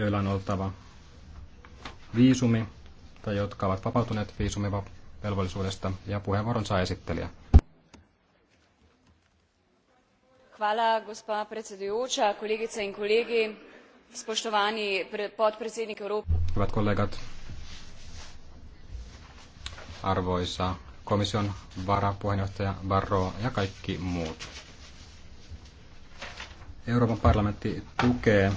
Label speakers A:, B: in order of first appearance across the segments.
A: joilla on oltava viisumi tai jotka ovat vapautuneet viisumivelvollisuudesta ja puheenvuoron saa esittelijä.
B: Hvala, gospa predsedujoča, kolegice in kolegi, spoštovani podpredsednik Euroopan.
A: Hyvät kollegat, arvoisa komission varapuheenjohtaja Barro ja kaikki muut. Euroopan parlamentti tukee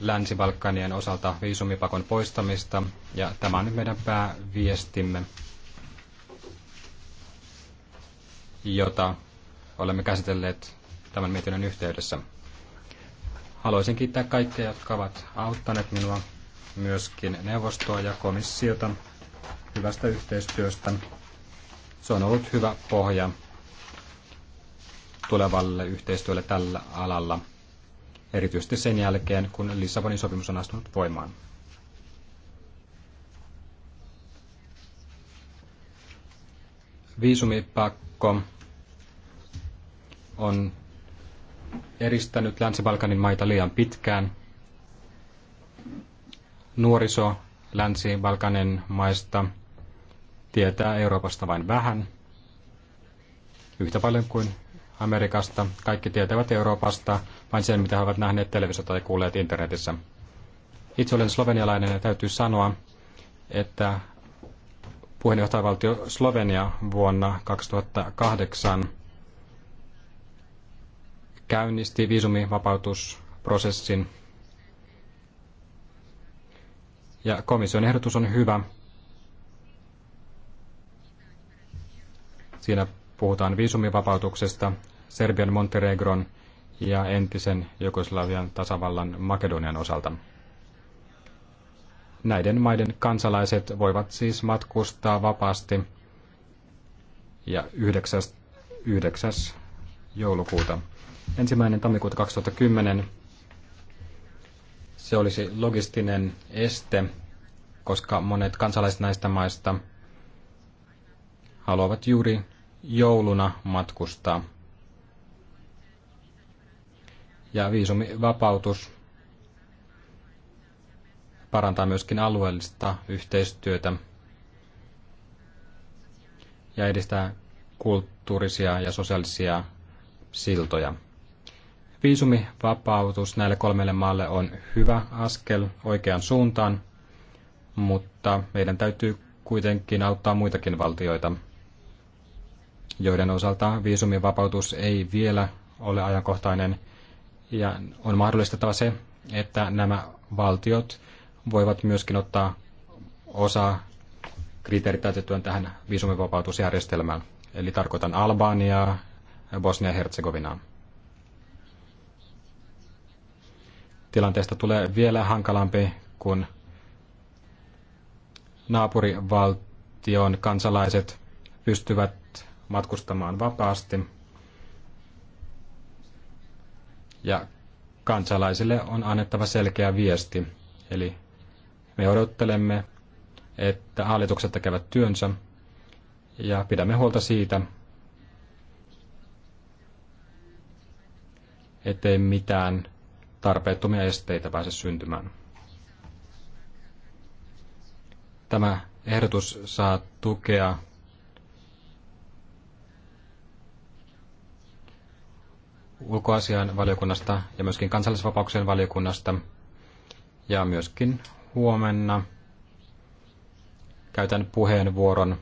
A: Länsi-Balkanien osalta viisumipakon poistamista, ja tämä on nyt meidän pääviestimme, jota olemme käsitelleet tämän mietinnön yhteydessä. Haluaisin kiittää kaikkia, jotka ovat auttaneet minua, myöskin neuvostoa ja komissiota hyvästä yhteistyöstä. Se on ollut hyvä pohja tulevalle yhteistyölle tällä alalla erityisesti sen jälkeen, kun Lissabonin sopimus on astunut voimaan. Viisumipakko on eristänyt Länsi-Balkanin maita liian pitkään. Nuoriso Länsi-Balkanin maista tietää Euroopasta vain vähän, yhtä paljon kuin Amerikasta. Kaikki tietävät Euroopasta vain sen, mitä he ovat nähneet televisiossa tai kuulleet internetissä. Itse olen slovenialainen ja täytyy sanoa, että puheenjohtajavaltio Slovenia vuonna 2008 käynnisti viisumivapautusprosessin. Ja komission ehdotus on hyvä. Siinä puhutaan viisumivapautuksesta Serbian Montenegron ja entisen Jugoslavian tasavallan Makedonian osalta. Näiden maiden kansalaiset voivat siis matkustaa vapaasti ja 9. 9. joulukuuta. Ensimmäinen tammikuuta 2010 se olisi logistinen este, koska monet kansalaiset näistä maista haluavat juuri jouluna matkustaa ja viisumivapautus parantaa myöskin alueellista yhteistyötä ja edistää kulttuurisia ja sosiaalisia siltoja. Viisumivapautus näille kolmelle maalle on hyvä askel oikeaan suuntaan, mutta meidän täytyy kuitenkin auttaa muitakin valtioita, joiden osalta viisumivapautus ei vielä ole ajankohtainen ja on mahdollistettava se, että nämä valtiot voivat myöskin ottaa osa kriteerit täytettyön tähän viisumivapautusjärjestelmään. Eli tarkoitan Albaniaa, Bosnia ja Herzegovinaa. Tilanteesta tulee vielä hankalampi, kun naapurivaltion kansalaiset pystyvät matkustamaan vapaasti – ja kansalaisille on annettava selkeä viesti. Eli me odottelemme, että hallitukset tekevät työnsä ja pidämme huolta siitä, ettei mitään tarpeettomia esteitä pääse syntymään. Tämä ehdotus saa tukea ulkoasian valiokunnasta ja myöskin kansallisvapauksien valiokunnasta. Ja myöskin huomenna käytän puheenvuoron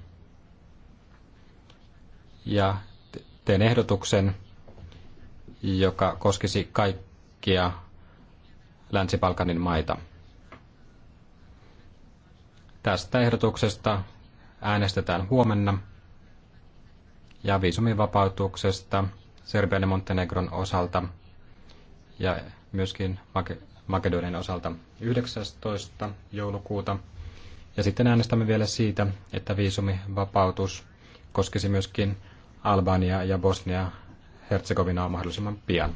A: ja teen ehdotuksen, joka koskisi kaikkia Länsi-Balkanin maita. Tästä ehdotuksesta äänestetään huomenna ja viisumivapautuksesta Serbian ja Montenegron osalta ja myöskin Makedonian osalta 19. joulukuuta. Ja sitten äänestämme vielä siitä, että viisumivapautus koskisi myöskin Albania ja Bosnia Herzegovinaa mahdollisimman pian.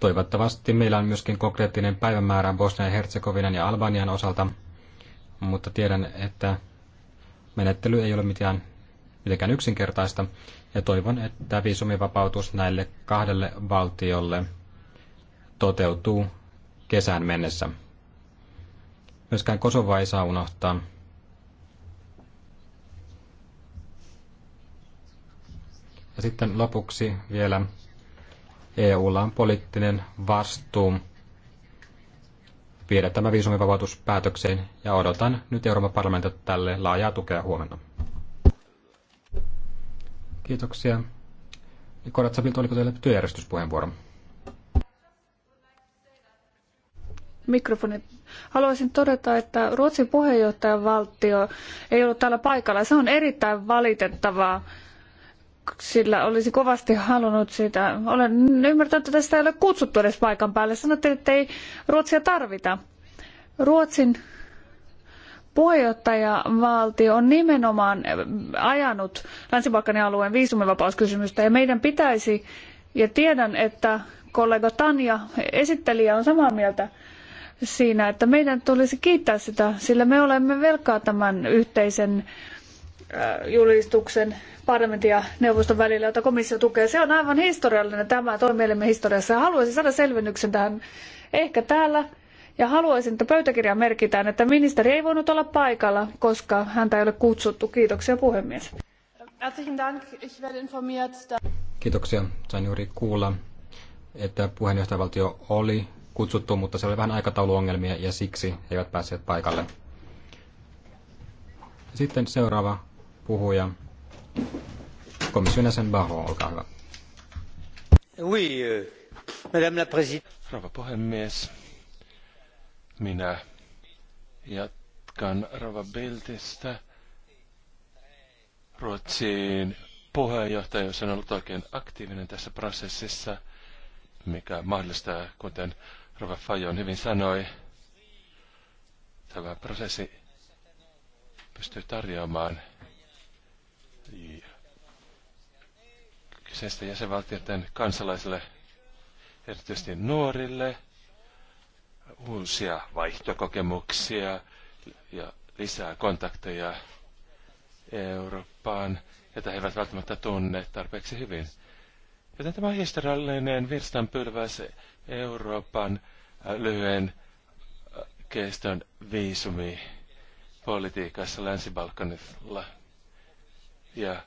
A: Toivottavasti meillä on myöskin konkreettinen päivämäärä Bosnian ja Herzegovinan ja Albanian osalta, mutta tiedän, että Menettely ei ole mitään, mitenkään yksinkertaista, ja toivon, että viisumivapautus näille kahdelle valtiolle toteutuu kesään mennessä. Myöskään Kosova ei saa unohtaa. Ja sitten lopuksi vielä EUlla on poliittinen vastuu viedä tämä viisumivapautus päätökseen ja odotan nyt Euroopan parlamentilta tälle laajaa tukea huomenna. Kiitoksia. Niin, Koratsavilta, oliko teille työjärjestyspuheenvuoro?
B: Mikrofoni. Haluaisin todeta, että Ruotsin valtio ei ollut täällä paikalla. Se on erittäin valitettavaa sillä olisi kovasti halunnut sitä. Olen ymmärtänyt, että tästä ei ole kutsuttu edes paikan päälle. Sanottiin, että ei Ruotsia tarvita. Ruotsin puheenjohtajavaltio on nimenomaan ajanut länsi alueen viisumivapauskysymystä ja meidän pitäisi, ja tiedän, että kollega Tanja esittelijä on samaa mieltä siinä, että meidän tulisi kiittää sitä, sillä me olemme velkaa tämän yhteisen Äh, julistuksen parlamentin ja neuvoston välillä, jota komissio tukee. Se on aivan historiallinen tämä toimielimen historiassa. Haluaisin saada selvennyksen tähän ehkä täällä. Ja haluaisin, että pöytäkirjaan merkitään, että ministeri ei voinut olla paikalla, koska häntä ei ole kutsuttu. Kiitoksia puhemies.
A: Kiitoksia. Sain juuri kuulla, että puheenjohtajavaltio oli kutsuttu, mutta se oli vähän aikatauluongelmia ja siksi he eivät päässeet paikalle. Sitten seuraava puhuja. Komission jäsen Barro, olkaa hyvä. Oui, euh, madame la
C: Rouva puhemies,
A: minä jatkan
C: Rova Biltistä. Ruotsin puheenjohtajuus on ollut oikein aktiivinen tässä prosessissa, mikä mahdollistaa, kuten Rova Fajon hyvin sanoi, tämä prosessi pystyy tarjoamaan kyseisten jäsenvaltioiden kansalaisille, erityisesti nuorille, uusia vaihtokokemuksia ja lisää kontakteja Eurooppaan, jota he eivät välttämättä tunne tarpeeksi hyvin. Joten tämä historiallinen virstanpylväs Euroopan lyhyen keston viisumi politiikassa Länsi-Balkanilla ja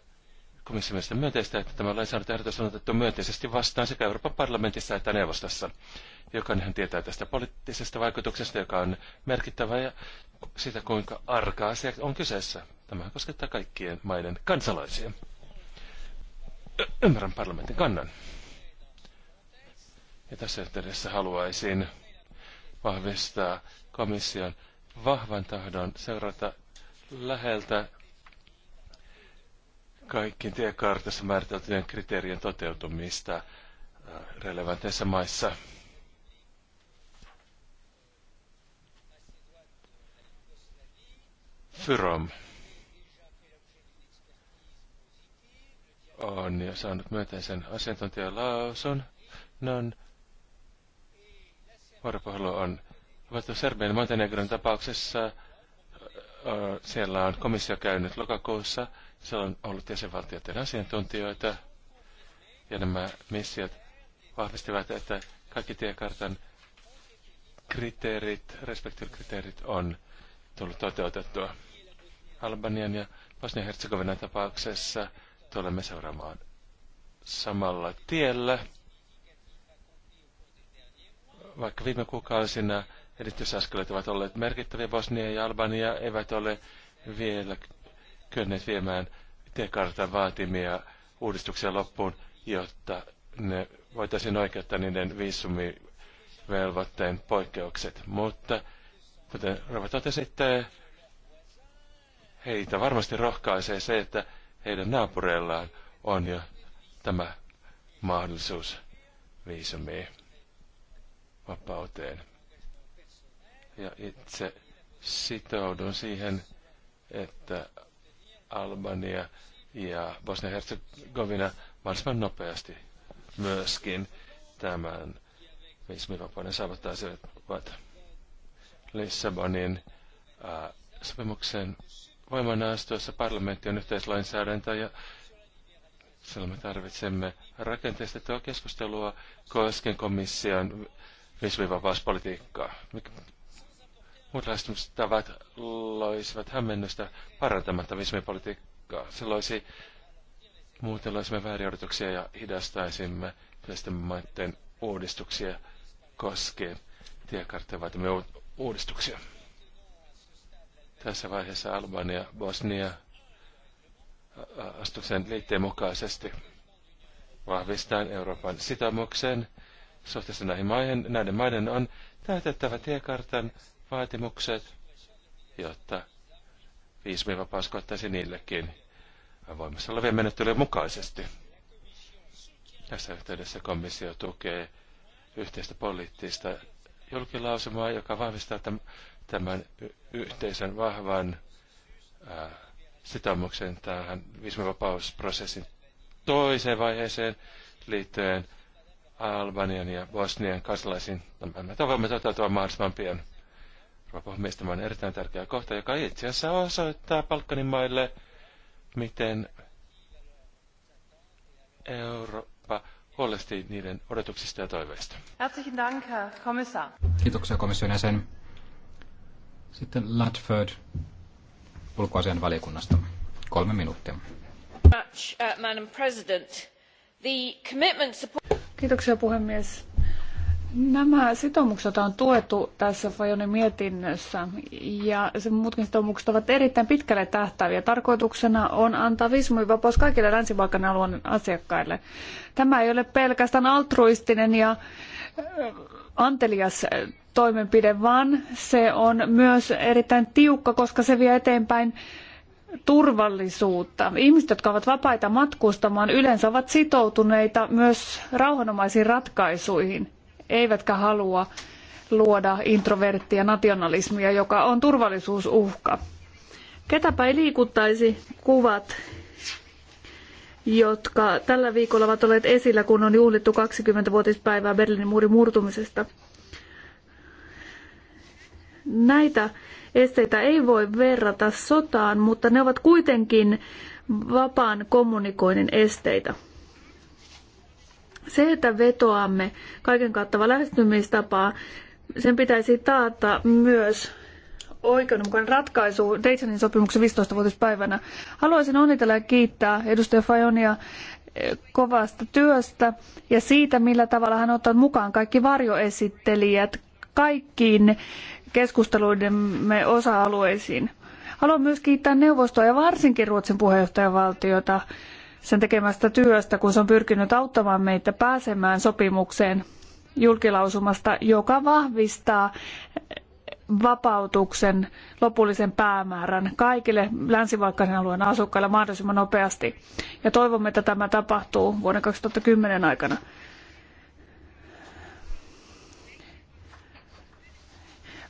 C: komission mielestä myönteistä, että tämä lainsäädäntöehdotus on otettu myönteisesti vastaan sekä Euroopan parlamentissa että neuvostossa. Jokainen tietää tästä poliittisesta vaikutuksesta, joka on merkittävä ja sitä, kuinka arka asia on kyseessä. Tämä koskettaa kaikkien maiden kansalaisia. Ymmärrän parlamentin kannan. Ja tässä yhteydessä haluaisin vahvistaa komission vahvan tahdon seurata läheltä kaikkien tiekartassa määriteltyjen kriteerien toteutumista äh, relevanteissa maissa. Fyrom on jo saanut myönteisen asiantuntijalausun. Non. Vuoropuhelu on vattu Serbian Montenegron tapauksessa. Äh, siellä on komissio käynyt lokakuussa siellä on ollut jäsenvaltioiden asiantuntijoita ja nämä missiot vahvistivat, että kaikki tiekartan kriteerit, respektiivikriteerit on tullut toteutettua. Albanian ja Bosnia-Herzegovinan tapauksessa tulemme seuraamaan samalla tiellä. Vaikka viime kuukausina edistysaskeleet ovat olleet merkittäviä, Bosnia ja Albania eivät ole vielä kyenneet viemään tiekartan vaatimia uudistuksia loppuun, jotta ne voitaisiin oikeuttaa niiden viisumivelvoitteen poikkeukset. Mutta kuten Rova että heitä varmasti rohkaisee se, että heidän naapureillaan on jo tämä mahdollisuus viisumiin vapauteen. Ja itse sitoudun siihen, että Albania ja Bosnia-Herzegovina mahdollisimman nopeasti myöskin tämän viisumivapauden saavuttaisivat Lissabonin ää, äh, sopimuksen voimaan astuessa parlamentti on yhteislainsäädäntö ja silloin me tarvitsemme rakenteistettua keskustelua koskien komission viisumivapauspolitiikkaa. Muut lähestymistavat loisivat hämmennystä parantamatta vismipolitiikkaa. Se loisi muuten loisimme väärin odotuksia ja hidastaisimme yleisten maiden uudistuksia koskien tiekarttia vaatimme uudistuksia. Tässä vaiheessa Albania, Bosnia astuksen liitteen mukaisesti vahvistaan Euroopan sitomuksen suhteessa näihin maihin. Näiden maiden on täytettävä tiekartan vaatimukset, jotta viisumivapaus paskoittaisi niillekin voimassa olevien menettelyjen mukaisesti. Tässä yhteydessä komissio tukee yhteistä poliittista julkilausumaa, joka vahvistaa tämän yhteisen vahvan sitoumuksen tähän viisumivapausprosessin toiseen vaiheeseen liittyen Albanian ja Bosnian kansalaisiin. Tämä toivomme toteutua mahdollisimman pian. Rouva puhemies, tämä on erittäin tärkeä kohta, joka itse asiassa osoittaa Balkanin maille, miten Eurooppa huolesti niiden odotuksista ja toiveista.
B: Herzlichen Dank, Herr Kommissar.
A: Kiitoksia komission jäsen. Sitten Latford, ulkoasian valiokunnasta. Kolme minuuttia.
B: Uh, Kiitoksia puhemies Nämä sitoumukset on tuettu tässä Fajonin mietinnössä ja sen muutkin sitoumukset ovat erittäin pitkälle tähtäviä. Tarkoituksena on antaa viisumivapaus kaikille länsi alueen asiakkaille. Tämä ei ole pelkästään altruistinen ja äh, antelias toimenpide, vaan se on myös erittäin tiukka, koska se vie eteenpäin turvallisuutta. Ihmiset, jotka ovat vapaita matkustamaan, yleensä ovat sitoutuneita myös rauhanomaisiin ratkaisuihin eivätkä halua luoda introverttia nationalismia, joka on turvallisuusuhka. Ketäpä ei liikuttaisi kuvat, jotka tällä viikolla ovat olleet esillä, kun on juhlittu 20-vuotispäivää Berliinin muurin murtumisesta. Näitä esteitä ei voi verrata sotaan, mutta ne ovat kuitenkin vapaan kommunikoinnin esteitä. Se, että vetoamme kaiken kattava lähestymistapaa, sen pitäisi taata myös oikeudenmukainen ratkaisu Daytonin sopimuksen 15-vuotispäivänä. Haluaisin onnitella ja kiittää edustaja Fajonia eh, kovasta työstä ja siitä, millä tavalla hän ottaa mukaan kaikki varjoesittelijät kaikkiin keskusteluidemme osa-alueisiin. Haluan myös kiittää neuvostoa ja varsinkin Ruotsin puheenjohtajavaltiota sen tekemästä työstä, kun se on pyrkinyt auttamaan meitä pääsemään sopimukseen julkilausumasta, joka vahvistaa vapautuksen lopullisen päämäärän kaikille länsi alueen asukkaille mahdollisimman nopeasti. Ja toivomme, että tämä tapahtuu vuoden 2010 aikana.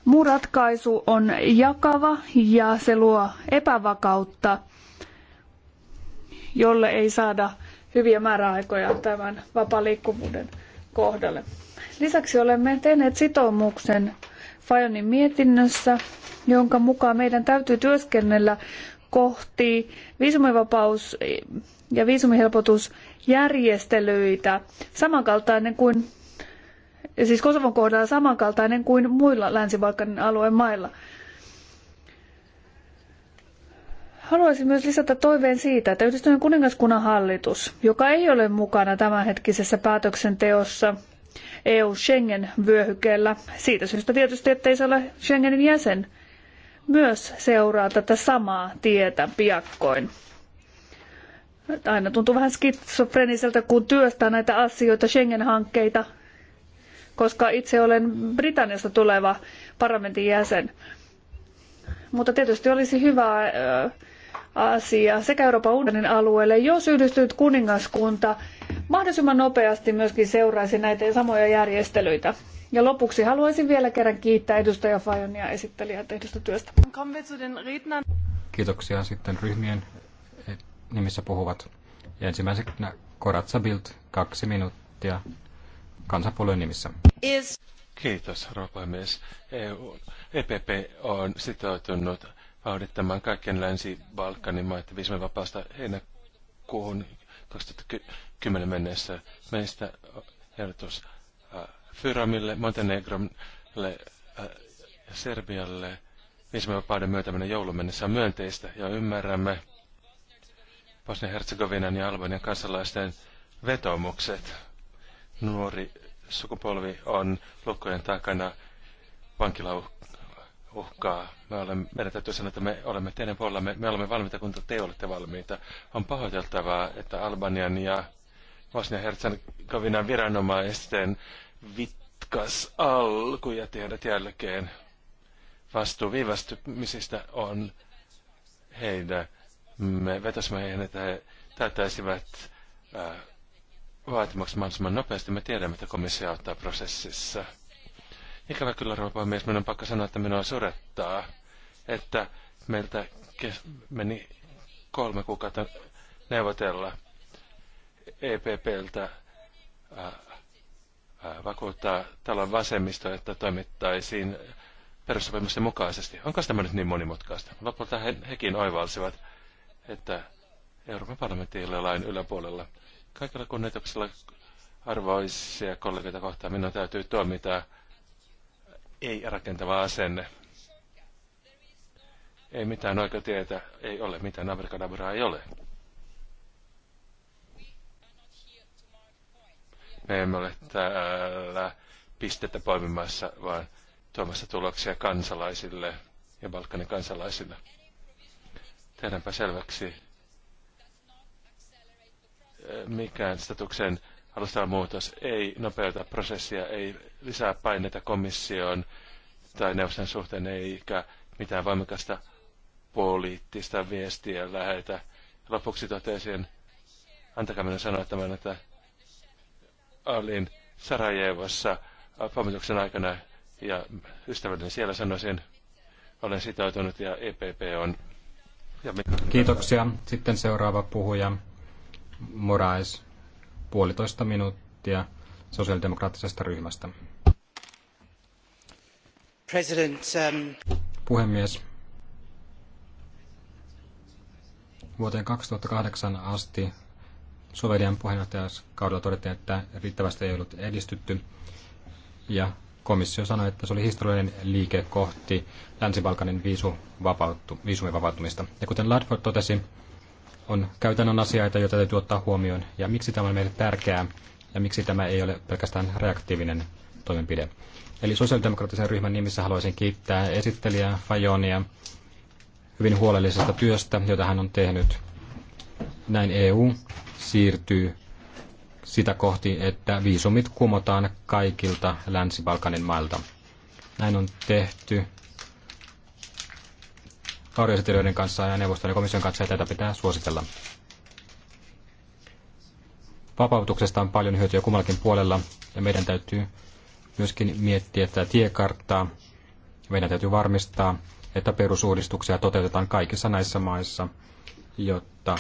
B: Muu ratkaisu on jakava ja se luo epävakautta jolle ei saada hyviä määräaikoja tämän vapaan liikkuvuuden kohdalle. Lisäksi olemme tehneet sitoumuksen Fajonin mietinnössä, jonka mukaan meidän täytyy työskennellä kohti viisumivapaus- ja viisumihelpotusjärjestelyitä samankaltainen kuin siis Kosovon kohdalla samankaltainen kuin muilla länsi alueen mailla. Haluaisin myös lisätä toiveen siitä, että yhdistyneen kuningaskunnan hallitus, joka ei ole mukana tämänhetkisessä päätöksenteossa EU-Schengen-vyöhykkeellä, siitä syystä tietysti, ettei se ole Schengenin jäsen, myös seuraa tätä samaa tietä piakkoin. Aina tuntuu vähän skitsofreniseltä, kun työstää näitä asioita, Schengen-hankkeita, koska itse olen Britanniasta tuleva parlamentin jäsen. Mutta tietysti olisi hyvä asia sekä Euroopan unionin alueelle, jos yhdistynyt kuningaskunta mahdollisimman nopeasti myöskin seuraisi näitä samoja järjestelyitä. Ja lopuksi haluaisin vielä kerran kiittää edustaja Fajonia esittelijää tehdystä työstä.
A: Kiitoksia sitten ryhmien eh, nimissä puhuvat. Ja ensimmäisenä Koratsa Bild, kaksi minuuttia kansanpuolueen nimissä.
C: Kiitos, rouva puhemies. EPP e on sitoutunut vauhdittamaan kaikkien Länsi-Balkanin maita viisimme vapaasta heinäkuuhun 2010 mennessä. Meistä ehdotus äh, Fyramille, Montenegrolle ja äh, Serbialle viisimme vapauden myötäminen joulun mennessä on myönteistä ja ymmärrämme Bosnia-Herzegovinan ja Albanian kansalaisten vetomukset. Nuori sukupolvi on lukkojen takana uhkaa. Me olemme, meidän täytyy sanoa, että me olemme teidän puolella, me olemme valmiita, kun te olette valmiita. On pahoiteltavaa, että Albanian ja Bosnia-Herzegovinan viranomaisten vitkas alku ja tiedät jälkeen vastuu viivästymisistä on heidän. Me vetäisimme heidän että he täyttäisivät äh, vaatimukset mahdollisimman nopeasti. Me tiedämme, että komissio auttaa prosessissa. Ikävä kyllä, rouva puhemies, minun on pakko sanoa, että minua surettaa, että meiltä kes- meni kolme kuukautta neuvotella EPPltä ää, ää, vakuuttaa talon vasemmisto, että toimittaisiin perussopimusten mukaisesti. Onko tämä nyt niin monimutkaista? Lopulta he, hekin oivalsivat, että Euroopan parlamentti ei ole lain yläpuolella. Kaikilla kunnioituksella arvoisia kollegoita kohtaan minun täytyy toimittaa ei-rakentava asenne. Ei mitään tietä. ei ole mitään abrikadabraa, ei ole. Me emme ole täällä pistettä poimimassa, vaan tuomassa tuloksia kansalaisille ja Balkanin kansalaisille. Tehdäänpä selväksi, mikään statuksen alustava muutos ei nopeuta prosessia, ei lisää paineita komissioon tai neuvoston suhteen, eikä mitään voimakasta poliittista viestiä lähetä. Lopuksi totesin, antakaa minun sanoa tämän, että olin Sarajevossa pommituksen aikana ja ystävälleni siellä sanoisin, olen sitoutunut ja EPP
A: on. Ja Kiitoksia. Sitten seuraava puhuja, Morais puolitoista minuuttia sosiaalidemokraattisesta ryhmästä.
C: Um...
A: Puhemies, vuoteen 2008 asti Sovelian puheenjohtajakaudella todettiin, että riittävästi ei ollut edistytty. Ja komissio sanoi, että se oli historiallinen liike kohti Länsi-Balkanin viisumivapautumista. Ja kuten Ladford totesi, on käytännön asioita, joita täytyy ottaa huomioon. Ja miksi tämä on meille tärkeää ja miksi tämä ei ole pelkästään reaktiivinen toimenpide. Eli sosiaalidemokraattisen ryhmän nimissä haluaisin kiittää esittelijää Fajonia hyvin huolellisesta työstä, jota hän on tehnyt. Näin EU siirtyy sitä kohti, että viisumit kumotaan kaikilta Länsi-Balkanin mailta. Näin on tehty varjoesittelijöiden kanssa ja neuvoston ja komission kanssa, ja tätä pitää suositella. Vapautuksesta on paljon hyötyä kummallakin puolella, ja meidän täytyy myöskin miettiä tätä tiekarttaa. Meidän täytyy varmistaa, että perusuudistuksia toteutetaan kaikissa näissä maissa, jotta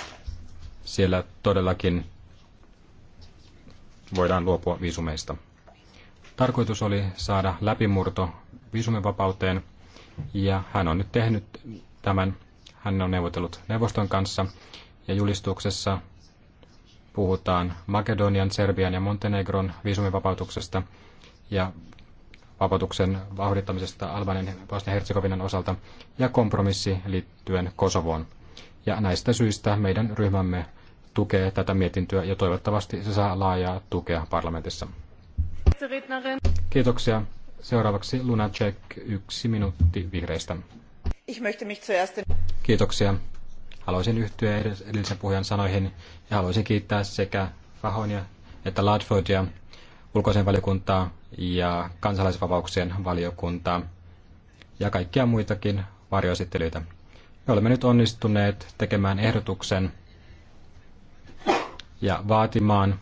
A: siellä todellakin voidaan luopua viisumeista. Tarkoitus oli saada läpimurto viisumivapauteen, ja hän on nyt tehnyt tämän. Hän on neuvotellut neuvoston kanssa ja julistuksessa puhutaan Makedonian, Serbian ja Montenegron viisumivapautuksesta ja vapautuksen vauhdittamisesta Albanian ja herzegovinan osalta ja kompromissi liittyen Kosovoon. Ja näistä syistä meidän ryhmämme tukee tätä mietintöä ja toivottavasti se saa laajaa tukea parlamentissa. Kiitoksia. Seuraavaksi Lunacek, yksi minuutti vihreistä. Kiitoksia. Haluaisin yhtyä edellisen puhujan sanoihin ja haluaisin kiittää sekä Fahonia että Ladfordia, ulkoisen valiokuntaa ja kansalaisvapauksien valiokuntaa ja kaikkia muitakin varjoesittelyitä. Me olemme nyt onnistuneet tekemään ehdotuksen ja vaatimaan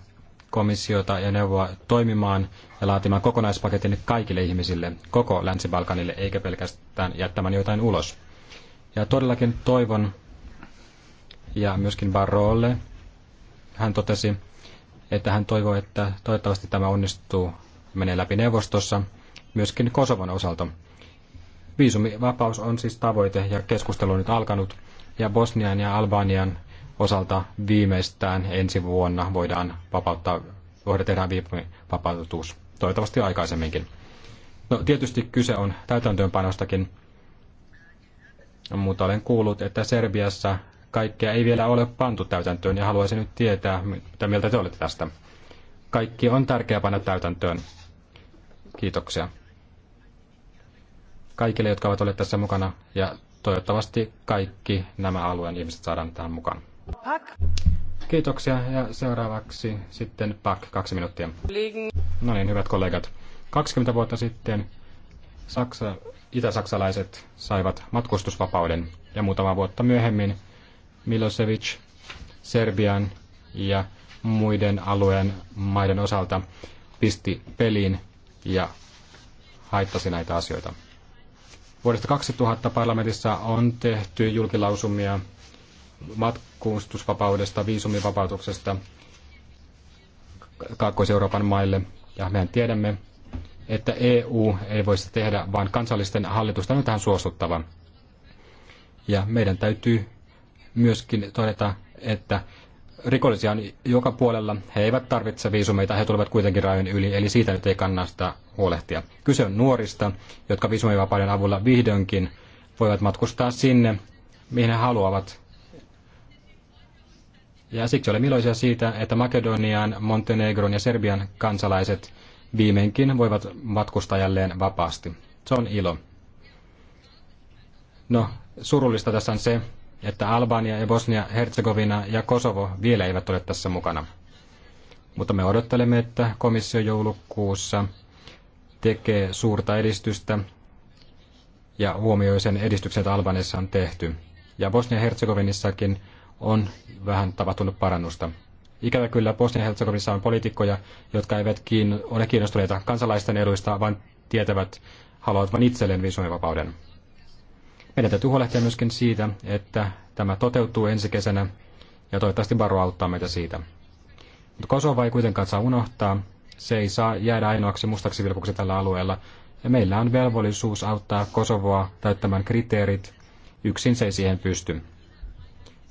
A: komissiota ja neuvoa toimimaan ja laatimaan kokonaispaketin kaikille ihmisille, koko Länsi-Balkanille, eikä pelkästään jättämään jotain ulos. Ja todellakin toivon, ja myöskin Barrolle, hän totesi, että hän toivoo, että toivottavasti tämä onnistuu menee läpi neuvostossa, myöskin Kosovan osalta. Viisumivapaus on siis tavoite ja keskustelu on nyt alkanut, ja Bosnian ja Albanian osalta viimeistään ensi vuonna voidaan vapauttaa, voidaan tehdä vapautus, toivottavasti aikaisemminkin. No, tietysti kyse on täytäntöönpanostakin, mutta olen kuullut, että Serbiassa kaikkea ei vielä ole pantu täytäntöön ja haluaisin nyt tietää, mitä mieltä te olette tästä. Kaikki on tärkeää panna täytäntöön. Kiitoksia kaikille, jotka ovat olleet tässä mukana ja toivottavasti kaikki nämä alueen ihmiset saadaan tähän mukaan. Pak. Kiitoksia ja seuraavaksi sitten Pak, kaksi minuuttia. No niin, hyvät kollegat. 20 vuotta sitten Saksa, itä-saksalaiset saivat matkustusvapauden ja muutama vuotta myöhemmin Milosevic Serbian ja muiden alueen maiden osalta pisti peliin ja haittasi näitä asioita. Vuodesta 2000 parlamentissa on tehty julkilausumia matkustusvapaudesta, viisumivapautuksesta Kaakkois-Euroopan maille. Ja mehän tiedämme, että EU ei voi sitä tehdä, vaan kansallisten hallitusten on tähän suostuttava. Ja meidän täytyy myöskin todeta, että rikollisia on joka puolella. He eivät tarvitse viisumeita, he tulevat kuitenkin rajojen yli, eli siitä nyt ei kannata huolehtia. Kyse on nuorista, jotka viisumivapauden avulla vihdoinkin voivat matkustaa sinne, mihin he haluavat, ja siksi olemme iloisia siitä, että Makedonian, Montenegron ja Serbian kansalaiset viimeinkin voivat matkustaa jälleen vapaasti. Se on ilo. No, surullista tässä on se, että Albania ja Bosnia-Herzegovina ja Kosovo vielä eivät ole tässä mukana. Mutta me odottelemme, että komissio joulukuussa tekee suurta edistystä ja huomioi sen edistykset Albaniassa on tehty. Ja Bosnia-Herzegovinissakin on vähän tapahtunut parannusta. Ikävä kyllä Bosnia-Herzegovissa on poliitikkoja, jotka eivät kiin, ole kiinnostuneita kansalaisten eduista, vaan tietävät, haluavat vain itselleen viisumivapauden. Meidän täytyy huolehtia myöskin siitä, että tämä toteutuu ensi kesänä, ja toivottavasti Baro auttaa meitä siitä. Mutta Kosova ei kuitenkaan saa unohtaa. Se ei saa jäädä ainoaksi mustaksi vilkuksi tällä alueella, ja meillä on velvollisuus auttaa Kosovoa täyttämään kriteerit. Yksin se ei siihen pysty.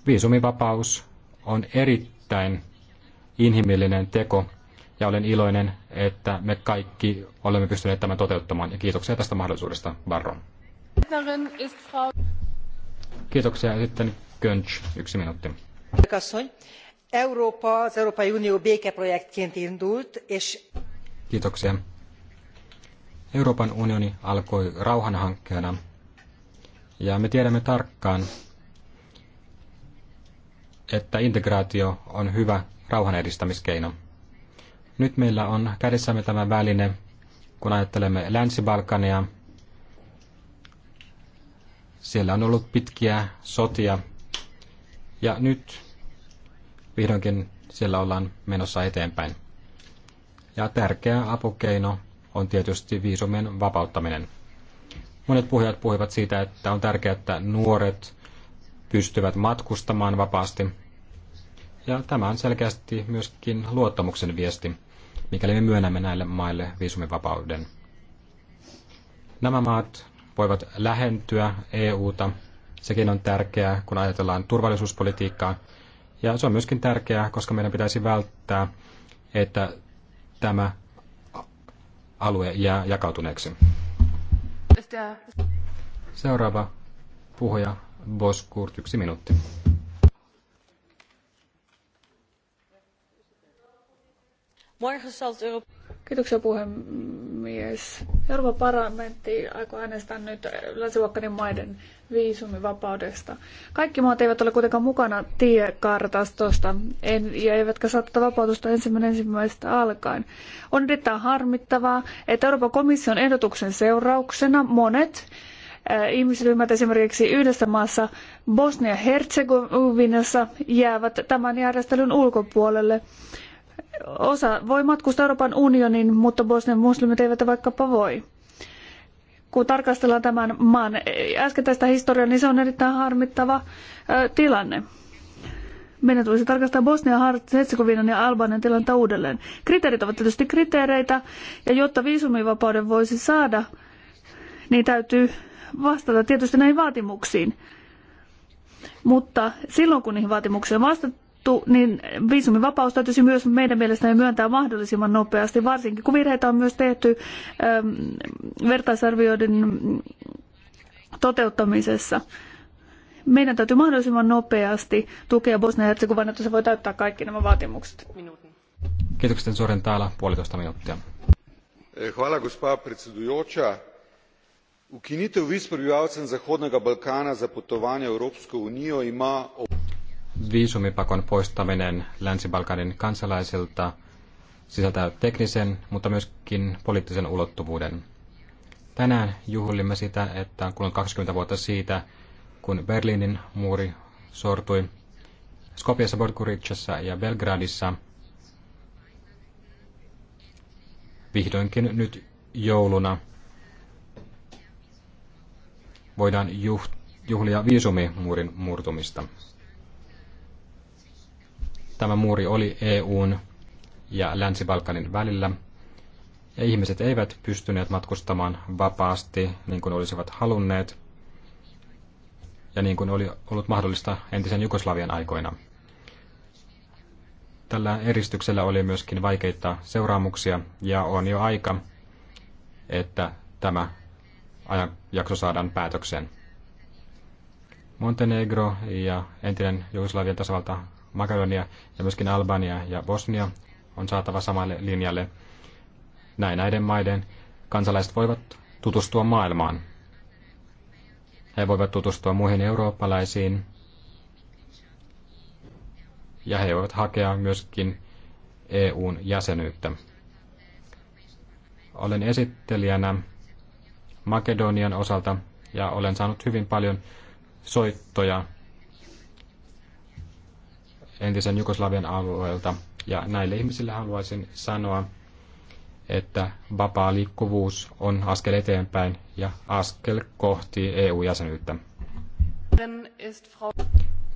A: Viisumivapaus on erittäin inhimillinen teko ja olen iloinen, että me kaikki olemme pystyneet tämän toteuttamaan. Ja kiitoksia tästä mahdollisuudesta, Varro. Kiitoksia. Ja sitten Könch, yksi minuutti.
B: Európa az Európai Unió
C: indult, és...
A: Kiitoksia. Euroopan unioni alkoi rauhanhankkeena, ja me tiedämme tarkkaan, että integraatio on hyvä rauhan edistämiskeino. Nyt meillä on kädessämme tämä väline, kun ajattelemme Länsi-Balkania. Siellä on ollut pitkiä sotia ja nyt vihdoinkin siellä ollaan menossa eteenpäin. Ja tärkeä apukeino on tietysti viisumien vapauttaminen. Monet puhujat puhuivat siitä, että on tärkeää, että nuoret pystyvät matkustamaan vapaasti. Ja tämä on selkeästi myöskin luottamuksen viesti, mikäli me myönnämme näille maille viisumivapauden. Nämä maat voivat lähentyä EUta. Sekin on tärkeää, kun ajatellaan turvallisuuspolitiikkaa. Ja se on myöskin tärkeää, koska meidän pitäisi välttää, että tämä alue jää jakautuneeksi. Seuraava puhuja, Boskurt, yksi minuutti.
B: Morgen zal het Kiitoksia
A: puhemies.
B: Euroopan parlamentti aikoo äänestää nyt länsivuokkaiden maiden viisumivapaudesta. Kaikki maat eivät ole kuitenkaan mukana tiekartastosta en, ja eivätkä saa tätä vapautusta ensimmäinen ensimmäistä alkaen. On erittäin harmittavaa, että Euroopan komission ehdotuksen seurauksena monet äh, ihmisryhmät esimerkiksi yhdessä maassa Bosnia-Herzegovinassa jäävät tämän järjestelyn ulkopuolelle Osa voi matkustaa Euroopan unionin, mutta Bosnian muslimit eivät vaikkapa voi. Kun tarkastellaan tämän maan äskettäistä historiaa, niin se on erittäin harmittava tilanne. Meidän tulisi tarkastaa Bosnia, Herzegovinan ja Albanian tilannetta uudelleen. Kriteerit ovat tietysti kriteereitä, ja jotta viisumivapauden voisi saada, niin täytyy vastata tietysti näihin vaatimuksiin. Mutta silloin kun niihin vaatimuksiin vastataan, puhuttu, niin viisumivapaus täytyisi myös meidän mielestämme myöntää mahdollisimman nopeasti, varsinkin kun virheitä on myös tehty ähm, vertaisarvioiden toteuttamisessa. Meidän täytyy mahdollisimman nopeasti tukea Bosnia-Herzegovina, että se voi täyttää kaikki nämä vaatimukset. Minuutin.
A: Kiitokset suorin täällä puolitoista minuuttia.
C: Eh, hvala, gospa predsedujoča ukinitev viz prebivalcem zahodnega balkana za potovanje v evropsko
A: unijo ima viisumipakon poistaminen Länsi-Balkanin kansalaisilta sisältää teknisen, mutta myöskin poliittisen ulottuvuuden. Tänään juhlimme sitä, että on kulunut 20 vuotta siitä, kun Berliinin muuri sortui. Skopjassa, Podgoricassa ja Belgradissa vihdoinkin nyt jouluna voidaan juhlia viisumimuurin murtumista. Tämä muuri oli EUn ja Länsi-Balkanin välillä, ja ihmiset eivät pystyneet matkustamaan vapaasti niin kuin olisivat halunneet, ja niin kuin oli ollut mahdollista entisen Jugoslavian aikoina. Tällä eristyksellä oli myöskin vaikeita seuraamuksia, ja on jo aika, että tämä ajanjakso saadaan päätökseen. Montenegro ja entinen Jugoslavian tasavalta Makedonia ja myöskin Albania ja Bosnia on saatava samalle linjalle. Näin näiden maiden kansalaiset voivat tutustua maailmaan. He voivat tutustua muihin eurooppalaisiin ja he voivat hakea myöskin EUn jäsenyyttä. Olen esittelijänä Makedonian osalta ja olen saanut hyvin paljon soittoja entisen Jugoslavian alueelta. Ja näille ihmisille haluaisin sanoa, että vapaa liikkuvuus on askel eteenpäin ja askel kohti EU-jäsenyyttä.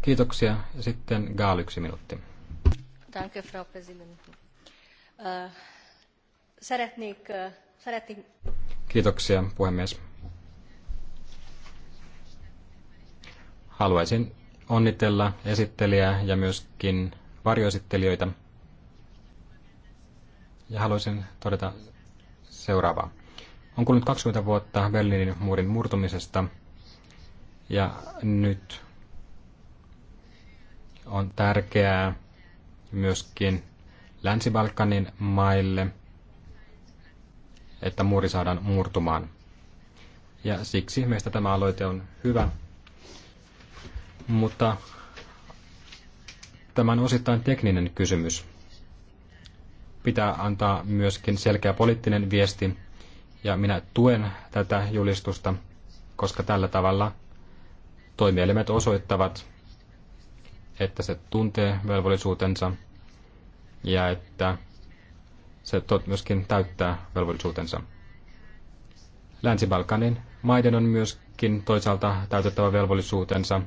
A: Kiitoksia. Sitten Gaal yksi minuutti. Danke, Frau äh, äh, Kiitoksia, puhemies. Haluaisin onnitella esittelijää ja myöskin varjoesittelijöitä. Ja haluaisin todeta seuraavaa. On kulunut 20 vuotta Berliinin muurin murtumisesta ja nyt on tärkeää myöskin Länsi-Balkanin maille, että muuri saadaan murtumaan. Ja siksi meistä tämä aloite on hyvä mutta tämä on osittain tekninen kysymys. Pitää antaa myöskin selkeä poliittinen viesti, ja minä tuen tätä julistusta, koska tällä tavalla toimielimet osoittavat, että se tuntee velvollisuutensa ja että se myöskin täyttää velvollisuutensa. Länsi-Balkanin maiden on myöskin toisaalta täytettävä velvollisuutensa –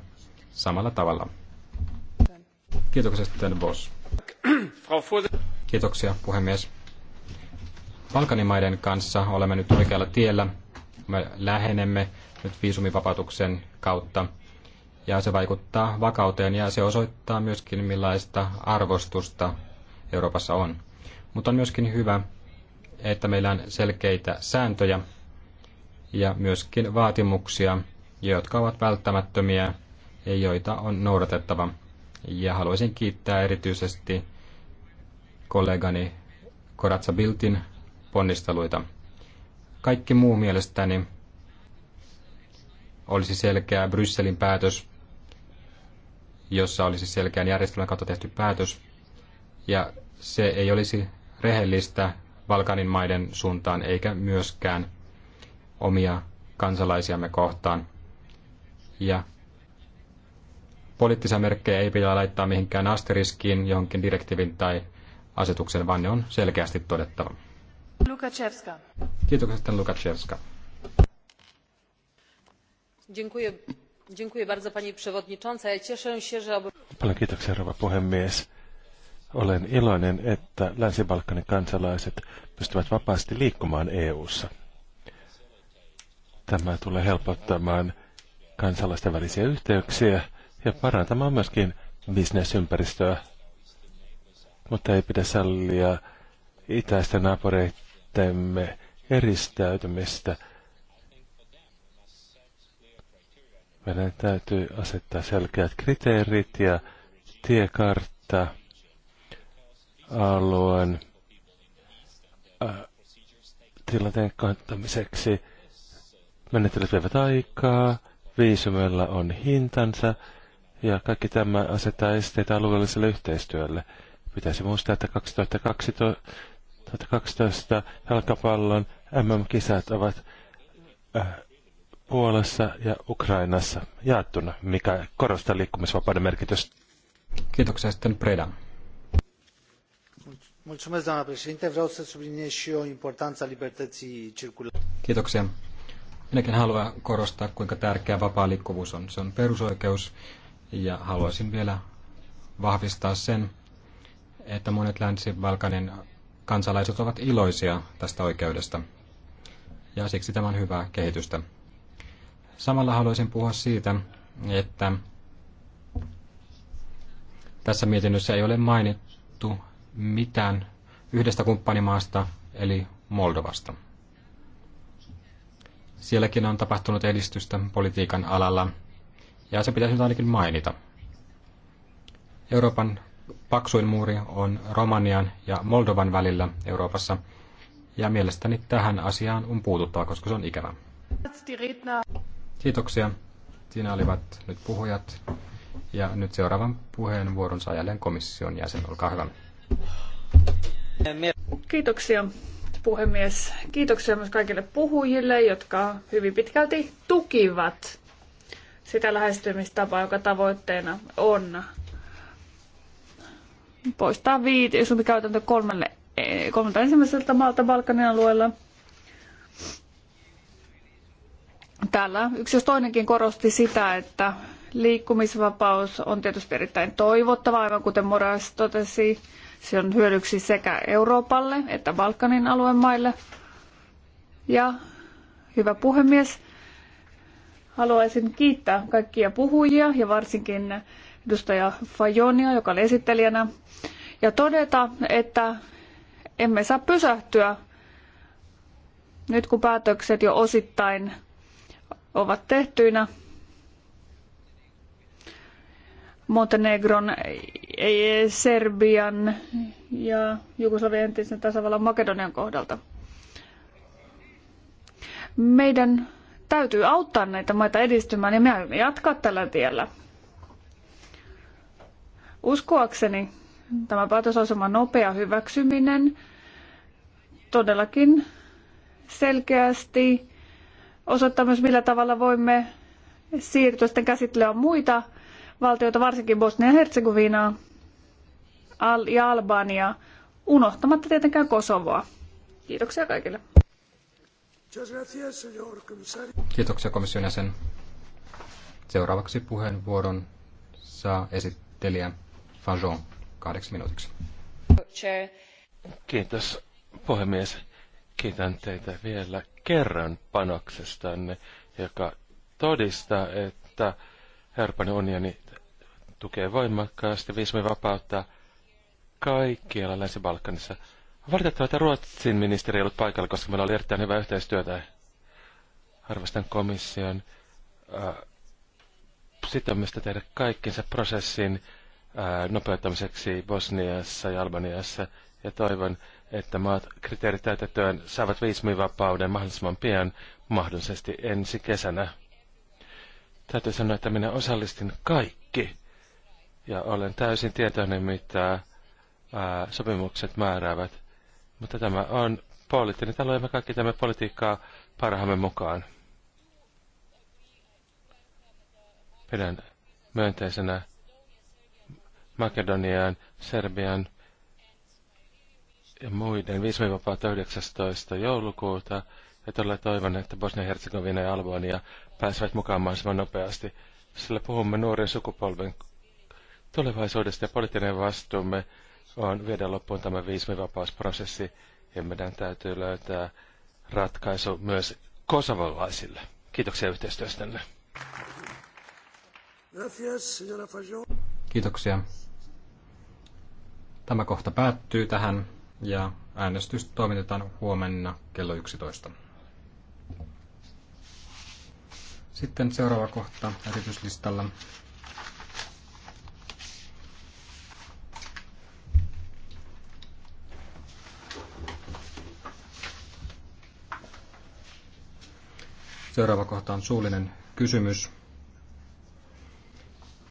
A: samalla tavalla. Kiitoksia sitten Vos. Kiitoksia puhemies. Balkanimaiden kanssa olemme nyt oikealla tiellä. Me lähenemme nyt viisumivapautuksen kautta ja se vaikuttaa vakauteen ja se osoittaa myöskin millaista arvostusta Euroopassa on. Mutta on myöskin hyvä, että meillä on selkeitä sääntöjä ja myöskin vaatimuksia, jotka ovat välttämättömiä joita on noudatettava. Ja haluaisin kiittää erityisesti kollegani Koratsa Biltin ponnisteluita. Kaikki muu mielestäni olisi selkeä Brysselin päätös, jossa olisi selkeän järjestelmän kautta tehty päätös, ja se ei olisi rehellistä Balkanin maiden suuntaan eikä myöskään omia kansalaisiamme kohtaan. Ja poliittisia merkkejä ei pidä laittaa mihinkään asteriskiin johonkin direktiivin tai asetuksen, vaan ne on selkeästi todettava.
B: Lukashevska.
A: Kiitoksia sitten Lukashevska.
C: Paljon kiitoksia rouva puhemies. Olen iloinen, että Länsi-Balkanin kansalaiset pystyvät vapaasti liikkumaan EU-ssa. Tämä tulee helpottamaan kansalaisten välisiä yhteyksiä ja parantamaan myöskin bisnesympäristöä. Mutta ei pidä sallia itäisten naapureittemme eristäytymistä. Meidän täytyy asettaa selkeät kriteerit ja tiekartta alueen äh, tilanteen kantamiseksi. Menettelyt vievät aikaa, viisumilla on hintansa, ja kaikki tämä asettaa esteitä alueelliselle yhteistyölle. Pitäisi muistaa, että 2012, 2012 jalkapallon MM-kisat ovat äh, Puolassa ja Ukrainassa jaettuna, mikä korostaa
A: liikkumisvapauden merkitystä. Kiitoksia sitten Preda. Kiitoksia. Minäkin haluan korostaa, kuinka tärkeä vapaa liikkuvuus on. Se on perusoikeus, ja haluaisin vielä vahvistaa sen, että monet Länsi-Balkanin kansalaiset ovat iloisia tästä oikeudesta. Ja siksi tämä on hyvää kehitystä. Samalla haluaisin puhua siitä, että tässä mietinnössä ei ole mainittu mitään yhdestä kumppanimaasta, eli Moldovasta. Sielläkin on tapahtunut edistystä politiikan alalla ja se pitäisi nyt ainakin mainita. Euroopan paksuin muuri on Romanian ja Moldovan välillä Euroopassa, ja mielestäni tähän asiaan on puututtava, koska se on ikävä. Kiitoksia. Siinä olivat nyt puhujat. Ja nyt seuraavan puheenvuoron saa jälleen komission jäsen. Olkaa hyvä.
B: Kiitoksia puhemies. Kiitoksia myös kaikille puhujille, jotka hyvin pitkälti tukivat sitä lähestymistapaa, joka tavoitteena on poistaa viiti, käytäntö kolmelle, eh, kolmelta ensimmäiseltä maalta Balkanin alueella. Täällä yksi jos toinenkin korosti sitä, että liikkumisvapaus on tietysti erittäin toivottava, aivan kuten Moras totesi. Se on hyödyksi sekä Euroopalle että Balkanin alueen maille. Ja hyvä puhemies, Haluaisin kiittää kaikkia puhujia ja varsinkin edustaja Fajonia, joka oli esittelijänä, ja todeta, että emme saa pysähtyä nyt kun päätökset jo osittain ovat tehtyinä. Montenegron, Serbian ja Jugoslavian entisen tasavallan Makedonian kohdalta. Meidän täytyy auttaa näitä maita edistymään ja me aiomme jatkaa tällä tiellä. Uskoakseni tämä päätösaseman nopea hyväksyminen todellakin selkeästi osoittaa myös, millä tavalla voimme siirtyä sitten käsittelemään muita valtioita, varsinkin Bosnia ja Herzegovinaa ja Albaniaa, unohtamatta tietenkään Kosovoa. Kiitoksia kaikille.
A: Kiitoksia komission jäsen. Seuraavaksi puheenvuoron saa esittelijä Fajon kahdeksi minuutiksi.
C: Kiitos puhemies. Kiitän teitä vielä kerran panoksestanne, joka todistaa, että Euroopan unioni tukee voimakkaasti viisumivapautta kaikkialla Länsi-Balkanissa – Valitettavaa, että Ruotsin ministeri ei ollut paikalla, koska meillä oli erittäin hyvä yhteistyötä. Arvostan komission äh, sitoumista tehdä kaikkinsa prosessin äh, nopeuttamiseksi Bosniassa ja Albaniassa. Ja toivon, että maat kriteerit täytettyään saavat viisumivapauden mahdollisimman pian, mahdollisesti ensi kesänä. Täytyy sanoa, että minä osallistin kaikki ja olen täysin tietoinen, mitä ää, äh, sopimukset määräävät. Mutta tämä on poliittinen talo ja me kaikki tämä politiikkaa parhaamme mukaan. Pidän myönteisenä Makedonian, Serbian ja muiden viisumivapautta 19. joulukuuta. Ja todella toivon, että Bosnia-Herzegovina ja Albania pääsevät mukaan mahdollisimman nopeasti, sillä puhumme nuoren sukupolven tulevaisuudesta ja poliittinen vastuumme on viedä loppuun tämä viisumivapausprosessi ja meidän täytyy löytää ratkaisu myös kosovolaisille. Kiitoksia yhteistyöstänne.
A: Kiitoksia. Tämä kohta päättyy tähän ja äänestys toimitetaan huomenna kello 11. Sitten seuraava kohta esityslistalla. Seuraava kohta on suullinen kysymys